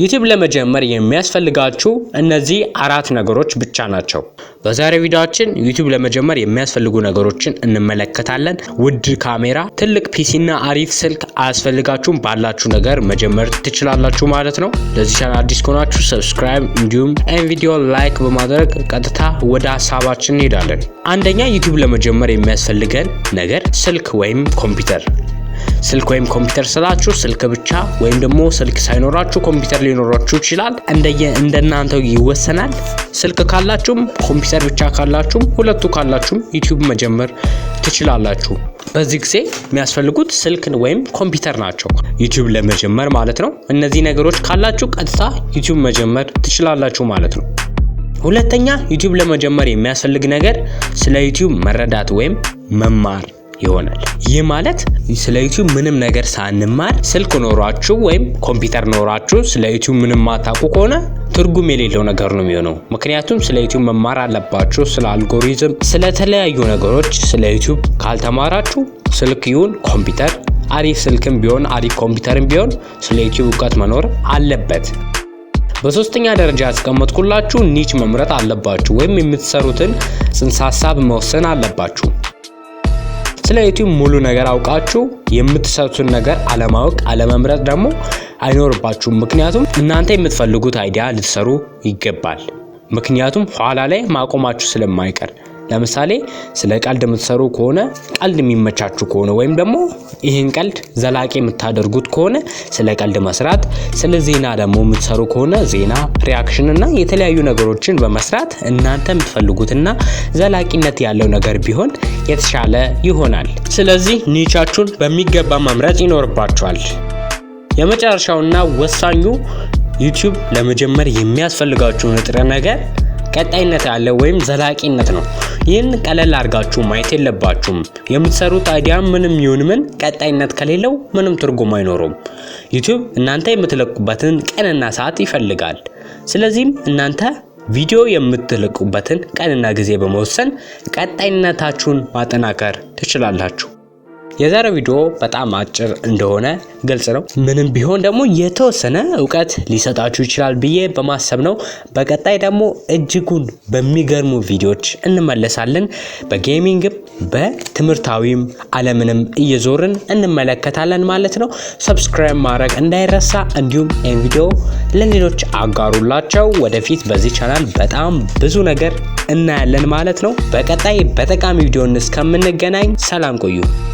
ዩቲዩብ ለመጀመር የሚያስፈልጋችሁ እነዚህ አራት ነገሮች ብቻ ናቸው። በዛሬው ቪዲዮአችን ዩቲዩብ ለመጀመር የሚያስፈልጉ ነገሮችን እንመለከታለን። ውድ ካሜራ፣ ትልቅ ፒሲና አሪፍ ስልክ አያስፈልጋችሁም። ባላችሁ ነገር መጀመር ትችላላችሁ ማለት ነው። ለዚህ ቻናል አዲስ ከሆናችሁ ሰብስክራይብ፣ እንዲሁም ኤን ቪዲዮ ላይክ በማድረግ ቀጥታ ወደ ሀሳባችን እንሄዳለን። አንደኛ ዩቲዩብ ለመጀመር የሚያስፈልገን ነገር ስልክ ወይም ኮምፒውተር ስልክ ወይም ኮምፒውተር ስላችሁ ስልክ ብቻ ወይም ደግሞ ስልክ ሳይኖራችሁ ኮምፒውተር ሊኖራችሁ ይችላል። እንደየ እንደናንተው ይወሰናል። ስልክ ካላችሁም ኮምፒውተር ብቻ ካላችሁም ሁለቱ ካላችሁም ዩቲዩብ መጀመር ትችላላችሁ። በዚህ ጊዜ የሚያስፈልጉት ስልክ ወይም ኮምፒውተር ናቸው፣ ዩቲዩብ ለመጀመር ማለት ነው። እነዚህ ነገሮች ካላችሁ ቀጥታ ዩቲዩብ መጀመር ትችላላችሁ ማለት ነው። ሁለተኛ ዩቲዩብ ለመጀመር የሚያስፈልግ ነገር ስለ ዩቲዩብ መረዳት ወይም መማር ይሆናል። ይህ ማለት ስለ ዩቲዩብ ምንም ነገር ሳንማር ስልክ ኖሯችሁ ወይም ኮምፒውተር ኖሯችሁ ስለ ዩቲዩብ ምንም ማታውቁ ከሆነ ትርጉም የሌለው ነገር ነው የሚሆነው። ምክንያቱም ስለ ዩቲዩብ መማር አለባችሁ፣ ስለ አልጎሪዝም፣ ስለተለያዩ ነገሮች ስለ ዩቲዩብ ካልተማራችሁ ስልክ ይሁን ኮምፒውተር አሪፍ ስልክም ቢሆን አሪፍ ኮምፒውተርም ቢሆን ስለ ዩቲዩብ እውቀት መኖር አለበት። በሶስተኛ ደረጃ ያስቀመጥኩላችሁ ኒች መምረጥ አለባችሁ፣ ወይም የምትሰሩትን ጽንሰ ሀሳብ መወሰን አለባችሁ። ስለ ዩቲዩብ ሙሉ ነገር አውቃችሁ የምትሰጡትን ነገር አለማወቅ አለመምረጥ ደግሞ አይኖርባችሁም። ምክንያቱም እናንተ የምትፈልጉት አይዲያ ልትሰሩ ይገባል። ምክንያቱም ኋላ ላይ ማቆማችሁ ስለማይቀር ለምሳሌ ስለ ቀልድ የምትሰሩ ከሆነ ቀልድ የሚመቻችሁ ከሆነ ወይም ደግሞ ይህን ቀልድ ዘላቂ የምታደርጉት ከሆነ ስለ ቀልድ መስራት፣ ስለ ዜና ደግሞ የምትሰሩ ከሆነ ዜና፣ ሪያክሽን እና የተለያዩ ነገሮችን በመስራት እናንተ የምትፈልጉትና ዘላቂነት ያለው ነገር ቢሆን የተሻለ ይሆናል። ስለዚህ ኒቻችሁን በሚገባ መምረጥ ይኖርባችኋል። የመጨረሻውና ወሳኙ ዩቲዩብ ለመጀመር የሚያስፈልጋችሁ ንጥረ ነገር ቀጣይነት ያለው ወይም ዘላቂነት ነው። ይህን ቀለል አድርጋችሁ ማየት የለባችሁም። የምትሰሩት አይዲያ ምንም ይሁን ምን ቀጣይነት ከሌለው ምንም ትርጉም አይኖሩም። ዩቲዩብ እናንተ የምትለቁበትን ቀንና ሰዓት ይፈልጋል። ስለዚህም እናንተ ቪዲዮ የምትለቁበትን ቀንና ጊዜ በመወሰን ቀጣይነታችሁን ማጠናከር ትችላላችሁ። የዛሬው ቪዲዮ በጣም አጭር እንደሆነ ግልጽ ነው። ምንም ቢሆን ደግሞ የተወሰነ እውቀት ሊሰጣችሁ ይችላል ብዬ በማሰብ ነው። በቀጣይ ደግሞ እጅጉን በሚገርሙ ቪዲዮዎች እንመለሳለን። በጌሚንግም በትምህርታዊም ዓለምንም እየዞርን እንመለከታለን ማለት ነው። ሰብስክራይብ ማድረግ እንዳይረሳ፣ እንዲሁም ይህን ቪዲዮ ለሌሎች አጋሩላቸው። ወደፊት በዚህ ቻናል በጣም ብዙ ነገር እናያለን ማለት ነው። በቀጣይ በጠቃሚ ቪዲዮን እስከምንገናኝ ሰላም ቆዩ።